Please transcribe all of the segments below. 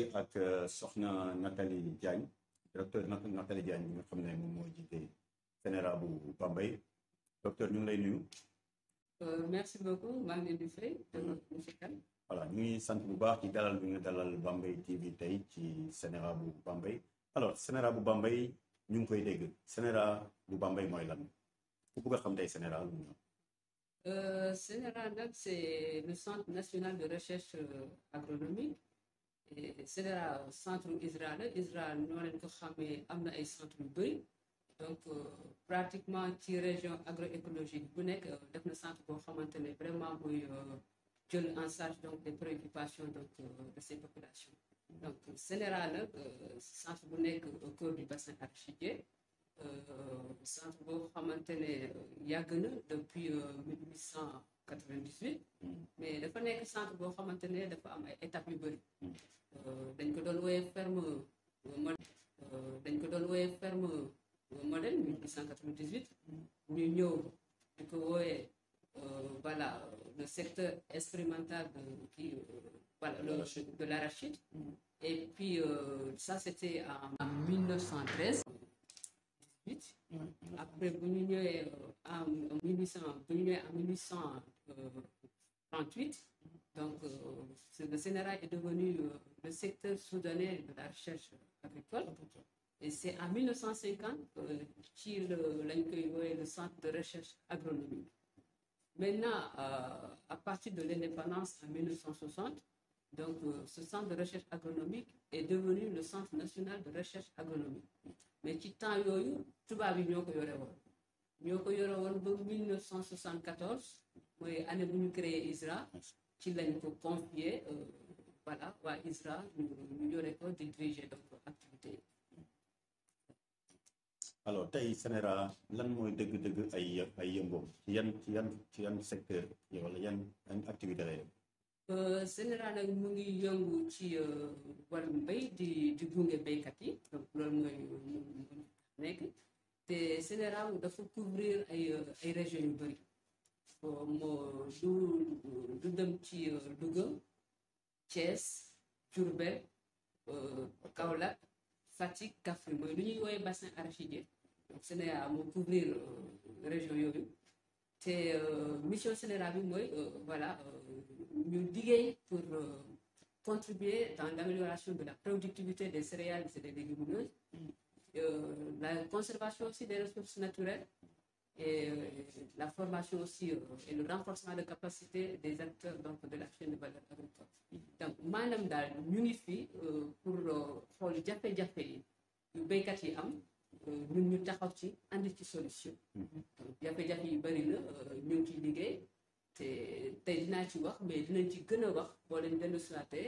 liggéey ak euh, soxna Nathalie Diagne docteur Nathalie Diagne bi nga xam ne moom moo jiite bu Bambey docteur ñu ngi lay nuyu. Euh, merci beaucoup maa ngi leen di fay. voilà ñu ngi sant bu baax ci dalal bi nga dalal Bambey TV tey ci CNRA bu Bambey alors CNRA bu Bambey ñu ngi koy dégg CNRA bu Bambey mooy lan ku bëgg a xam tey CNRA lu mu CNRA euh, c'est le centre national de recherche agronomique le centre Israël Israël nous Israël, leen ko amna centre de donc euh, pratiquement une région agroécologique bu donc euh, def centre qui est vraiment muy que euh, en charge donc des préoccupations donc de ces populations donc le le centre bu est au cœur du bassin Le centre de xamante yagne depuis 1800 98. mais dafa nekk centre boo xamante ne dafa am ay étapes yu bëri. Euh, dañ ko doon wooyee ferme euh, modèle. Euh, dañ ko doon wooyee ferme modèle 1998. ñu ñëw di ko wooyee voilà le secteur expérimental de voilà de l'arachide. et puis ça c'était en 1913 après euh, en 1838 euh, donc le euh, Sénégal est devenu le secteur soudanais de la recherche agricole et c'est en 1950 qu'il lañ créé le centre de recherche agronomique maintenant à partir de l'indépendance en 1960 donc ce centre de recherche agronomique est devenu le centre national de recherche agronomique mais ci temps yooyu tubaab yi ñoo ko yore woon ñoo ko yore woon ba 1974 mooy année bu ñu créé ISRA ci lañ ko confié euh, voilà waa ISRA ñu yore ko di diriger donc activité alors tey Sénéra lan mooy dëgg-dëgg ay ay yëngoom ci yan ci yan ci yan secteur wala yan yan activité lay def. Sénéral euh, nag mu ngi yëngu ci euh, wàllum mbéy di di gunge béykat yi loolu mooy nekk te Sénéral dafa couvrir ay euh, région yu bëri moo du du dem ci Louga Thiès Diourbel Kaolack Fatick Kaffrine mooy lu ñuy woowee bassin arachidier Sénéral moo couvrir région yooyu C'est euh, mission scélérat bi mooy euh, voilà euh, ñu liggéey pour contribuer dans l'amélioration de la productivité des céréales et des légumineuses la conservation aussi des ressources naturelles et la formation aussi et le renforcement de capacité des acteurs donc de la chaîne de valeur agricole donc maanaam dal ñu ngi fi pour le jafé jafé yi yu ñun ñu taxaw ci andi ci solution mm-hmm. jafe-jafe yi bëri na euh, ñu ngi ciy liggéey te tey dinaa ci wax mais dinañ ci gën a wax boo leen dellu siwaate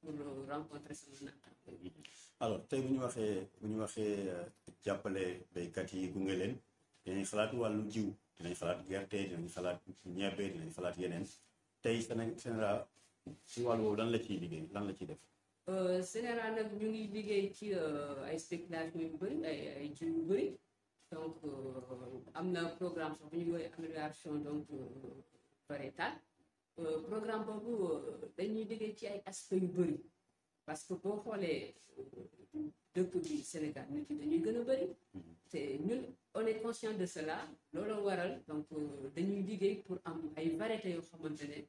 pour rencontrer sama naata mm-hmm. alors tey bu ñu waxee bu ñu waxee euh, jàppale béykat yi gunge leen dinañ xalaat wàllu jiw dinañ xalaat gerte dinañ xalaat ñebe dinañ xalaat yeneen tey Sénégal si wàll woow lan la ciy liggéey lan la ciy def Sénégal euh, nak ñu ngi liggéey ci euh, ay spéculation yu bëri ay ay jiw yu bëri donc euh, am na programme sax bu ñu woy amélioration donc par état programme boobu dañuy liggéey ci ay aspects yu bëri parce que boo xoolee dëkk bi Sénégal nit yi dañuy gën a bëri mm-hmm. te ñun on est conscient de cela looloo waral donc dañuy liggéey pour am ay variétés yoo xamante ne.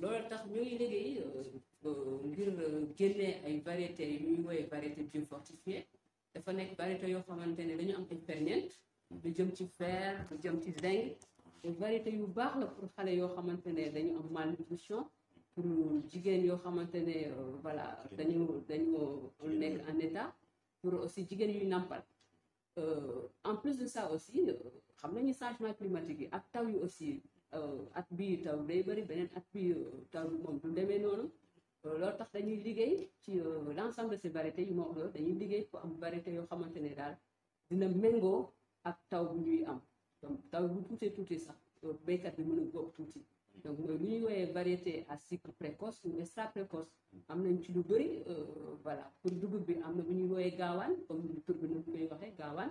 donc tax tax ñooy liggéey euh, euh, ngir euh, génnee ay variété yu ñuy woowee variété biofortifiée dafa nekk variété yoo xamante ne dañu am ay ferñeent lu jëm ci fer lu jëm ci zinc variété yu baax la pour xale yoo xamante ne dañu am malnutrition pour jigéen yoo xamante ne voilà dañu dañu nekk en état pour aussi jigéen yuy nàmpal en plus de ça aussi xam nañu changement climatique yi ak taw yi aussi ak bii taw day bëri beneen ak bii taw bi moom du demee noonu loolu tax dañuy liggéey ci euh, l' ensemble de ces variétés yu ma wax loolu dañuy liggéey pour am variété yoo xamante ne daal dina méngoo ak taw bu ñuy am donc taw bu tuutee tuuti sax euh, baykat bi mën a góob tuuti donc mooy lu ñuy woowee variété à cycle précoce ou précoce am nañ ci lu bëri euh, voilà pour dugub bi am na bu ñuy woowee gaawaan comme tur bi nu koy waxee gaawaan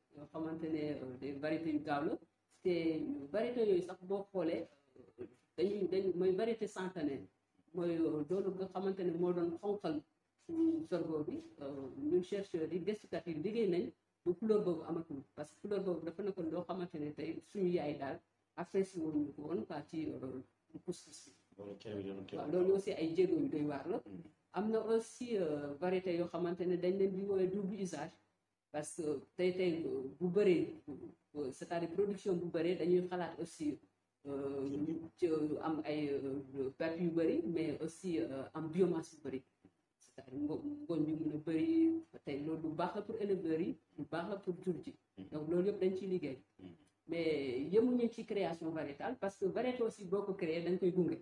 yoo xamante ne euh, des variétés yu gaaw la te variétés yooyu sax boo xoolee dañuy dañuy mooy variété centenaire mooy euh, doolu nga xamante ne moo doon xonqal sorgho bi euh, ñun chercheurs yi gëstukat yi liggéey nañ bu couleur boobu amatul parce que couleur boobu dafa nekkoon loo xamante ne tey suñu yaay daal apprécié wuñu ko woon quoi ci couscous bi waaw loolu aussi ay jéego yu doy waar la mm. am na aussi variété yoo xamante ne dañ leen bi woowee double usage parce que tey tey euh, bu bëree euh, c'est-à-dire production bu bëree dañuy xalaat aussi euh, ci am ay perte yu bëri mais aussi am biomasse yu bëri c'est-à-dire ngooñ bi mëna a bëri tey loolu lu baax la pour éleveur yi lu baax la pour jur ji donc loolu yëpp dañ ci liggéey mais ñu ci création variétale parce que variété aussi boo ko créé dañ koy gunge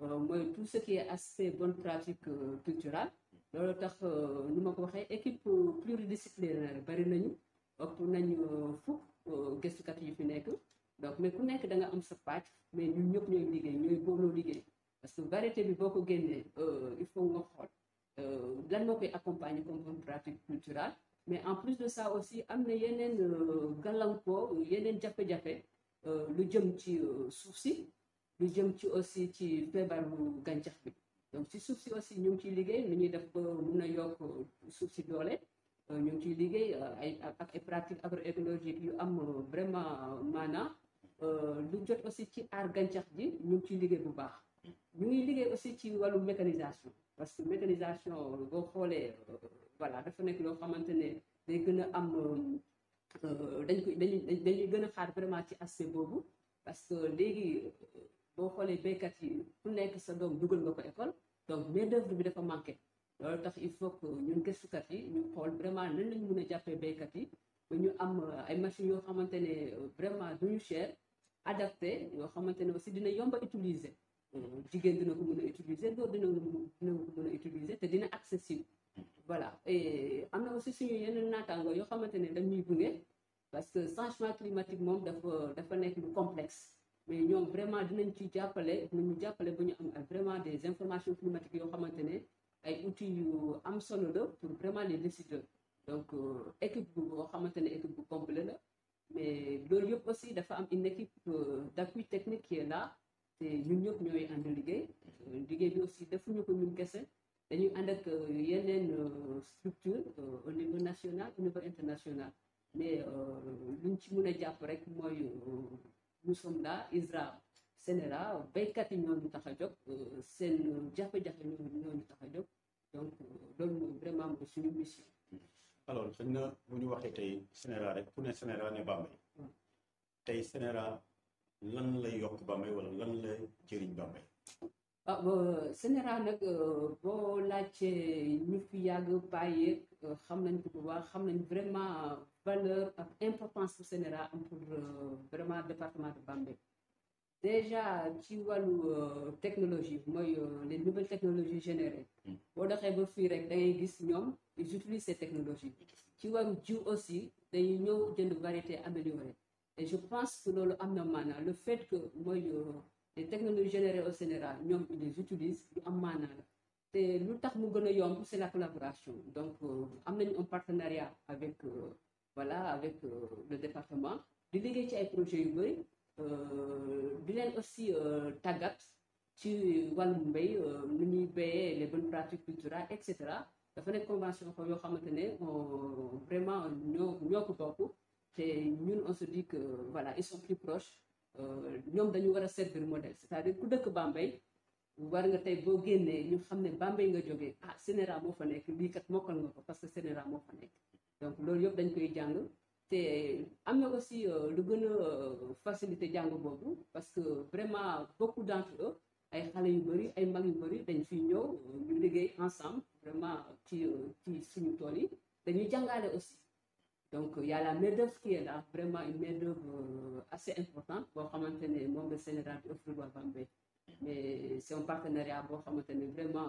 mooy tout ce qui est aspect bonne pratique culturale loolu tax euh, nu ma ko waxee équipe pluridisciplinaire bari nañu ëpp nañu euh, fukk euh, gëstukat yi fi nekk donc mais ku nekk da nga am sa pàcc mais ñun ñëpp ñooy liggéey ñooy booloo liggéey parce que variété bi boo ko génnee il faut nga xool lan moo koy accompagner comme bonne pratique culturelle mais en plus de ça aussi am na yeneen gàllankoor yeneen jafe-jafe lu jëm ci suuf si lu jëm ci aussi ci feebaru gàncax bi donc si suuf si aussi ñu ngi ciy liggéey nu ñuy def ba mun a yokk suuf si doole euh, ñu ngi ciy liggéey euh, ay ak ay pratiques agroécologiques yu am euh, vraiment maanaa lu jot aussi ci aar gàncax ji ñu ngi ciy liggéey bu baax ñu ngi liggéey aussi ci wàllu mécanisation parce que mécanisation boo xoolee voilà dafa nekk loo xamante ne day gën a am dañ ko dañuy dañuy gën a xaar vraiment ci aspect boobu parce que léegi boo xoolee béykat yi ku nekk sa doom dugal nga ko école donc main d'œuvre bi dafa manqué loolu tax il faut que ñun gëstukat yi ñu xool vraiment nan lañ mën a jàppee béykat yi ba ñu am euh, ay machines yoo xamante ne euh, vraiment duñu cher adapté yoo xamante ne aussi dina yomb a utiliser euh, jigéen dina ko mën a utiliser góor dina dina ko mën a utiliser te dina accessible voilà et am na aussi suñu yeneen naataangoo yoo xamante ne dañuy gunge parce que changement climatique moom dafa dafa nekk lu complexe mais ñoom vraiment dinañ ci jàppale dinañu jàppale ba ñu am vraiment des informations climatiques yoo xamante ne ay outils yu am solo la pour vraiment les décideurs donc euh, équipe bu boo xamante ne équipe bu complet la mais loolu yëpp aussi dafa am une équipe euh, d'appui technique qui est là te ñun ñëpp ñooy ànd liggéey euh, liggéey bi aussi defuñu ko ñun kese dañuy ànd ak yeneen structure au niveau national au niveau international mais luñ ci mën a jàpp rek mooy nous sommes là ISRA CNRA béykat yi ñoo ñu tax a jóg euh, seen jafe-jafe ñoo ñu tax a jóg donc euh, loolu mooy vraiment suñu mission. alors xëy na bu ñu waxee tey CNRA rek ku ne CNRA ne Bambey hmm. tey CNRA lan lay yokk Bambey wala lan lay jëriñ Bambey. ah CNRA euh, nag boo laajtee ñu fi yàgg bàyyeeg xam nañ ko bu baax xam nañ vraiment. valeur et importance pour Sénégal euh, pour vraiment département de Bambey déjà ci wàllu euh, technologie euh, les nouvelles technologies générées hmm. boo doxee ba rek da ils utilisent ces technologies ci wàllu aussi des nouvelles jënd variété améliorée et je pense que le fait que les technologies générées au Sénégal ils les utilisent c'est C'est c'est la collaboration donc on a un partenariat avec voilà avec euh, le département di liggéey ci ay projets yu bëri euh, di aussi euh, tàggat ci wàllum mbéy nu les bonnes pratiques culturelles et cetera dafa nekk convention ko yoo xamante vraiment ñoo ñoo ko bokk ñun on se dit que voilà ils sont plus proches Nous dañu war a servir modèle c'est-à-dire ku dëkk Bambey war nga tay bo génnee ñu xam ne Bambey nga jógee ah Sénéra moo fa nekk lii kat mokkal nga ko parce que Sénéra moo fa nekk donc loolu yëpp dañ koy jàng te am aussi euh, lu gën a euh, facilité jàng boobu parce que vraiment beaucoup d'entre eux ay xale yu bëri ay mag yu bëri dañ fi ñëw euh, liggéey ensemble vraiment ci ci suñu tool yi dañuy jàngaale aussi donc il y a la main qui est là vraiment une main assez importante boo xamante ne moom la Sénégal di offrir mais c'est un partenariat boo xamante ne vraiment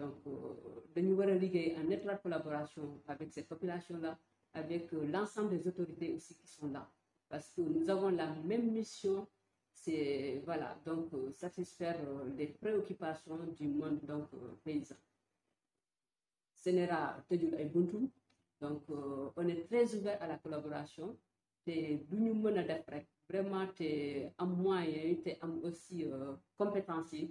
Donc, nous devons lier en étroite collaboration avec cette population-là, avec euh, l'ensemble des autorités aussi qui sont là. Parce que nous avons la même mission, c'est voilà, donc euh, satisfaire euh, les préoccupations du monde donc, paysan. Sénéra Tedjul Buntu, donc on est très ouvert à la collaboration. Et nous vraiment, tu es un moyen, tu es aussi compétentiel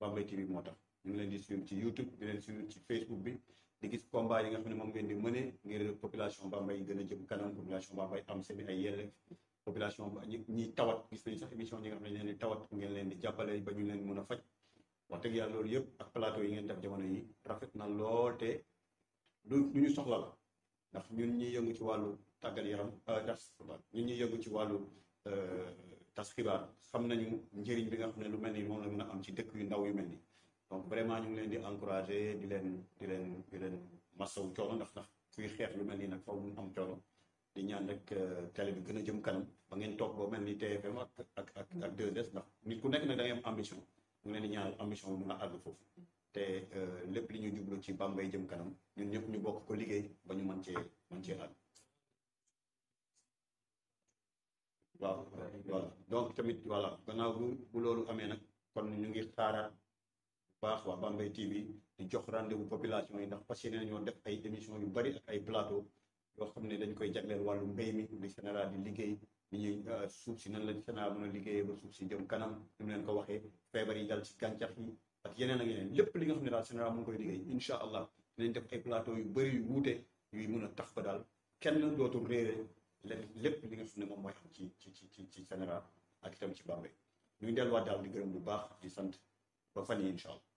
Bambey TV moo tax ñu ngi leen di suivre ci YouTube di leen suivre ci Facebook bi di gis combat yi nga xam ne moom ngeen di mëne ngir population Bambey gën a jëm kanam population Bambey am seen ay yelleef population ñi tawat gis nañu sax émission ñi nga xam ne leen di tawat ngeen leen di jàppale ba ñu leen mën a faj wax dëgg yàlla loolu yëpp ak plateau yi ngeen def jamono yi rafet na lool te du ñu soxla la ndax ñun ñuy yëngu ci wàllu tàggal yaram euh, ñun ñuy yëngu ci wàllu euh, tas xibaar xam nañu njëriñ bi nga xam ne lu mel ni moom la mën a am ci dëkk yu ndaw yu mel ni donc vraiment ñu ngi leen di encouragé di leen di leen di leen masawu coono ndax ndax kuy xeex lu mel nii nag foofu mu am coono di ñaan rek euh, télé bi gën a jëm kanam ba ngeen toog boo mel ni TFM ak ak ak ak des s ndax nit ku nekk nag da ngay am ambition mu leen di ñaanal ambition bu mun a àgg foofu te euh, lépp li ñu jublu ci Bambey jëm kanam ñun ñëpp ñu bokk ko liggéey ba ñu mën cee mën donc tamit voilà gannaaw bu bu loolu amee nag kon ñu ngi xaaraat bu baax waa Bambey TV di jox rendez-vous population yi ndax passionné nañoo def ay émission yu bari ak ay plateau yoo xam ne dañ koy jagleel wàllu mbay mi di général di liggéey ni ñuy euh, suuf si nan la général mën a liggéeyee ba suuf si jëm kanam ni mu leen ko waxee feebar yi dal ci gàncax yi ak yeneen ak yeneen lépp li nga xam ne daal général mu ngi koy liggéey incha allah dinañ def ay plateau yu bari yu wuute a tax ba daal kenn dootul réere lépp li nga xam ne moom mooy xam ci ci ci ci général ak itam ci Bambey ñu ngi delluwaat daal di gërëm bu baax di sant ba fan yi incha allah